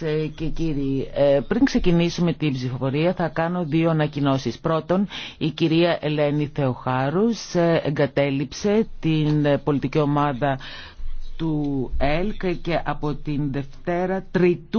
Ε, και κύριοι, ε, πριν ξεκινήσουμε την ψηφοφορία θα κάνω δύο ανακοινώσεις. Πρώτον, η κυρία Ελένη Θεοχάρους ε, εγκατέλειψε την πολιτική ομάδα του ΕΛΚ και από την Δευτέρα Τρίτου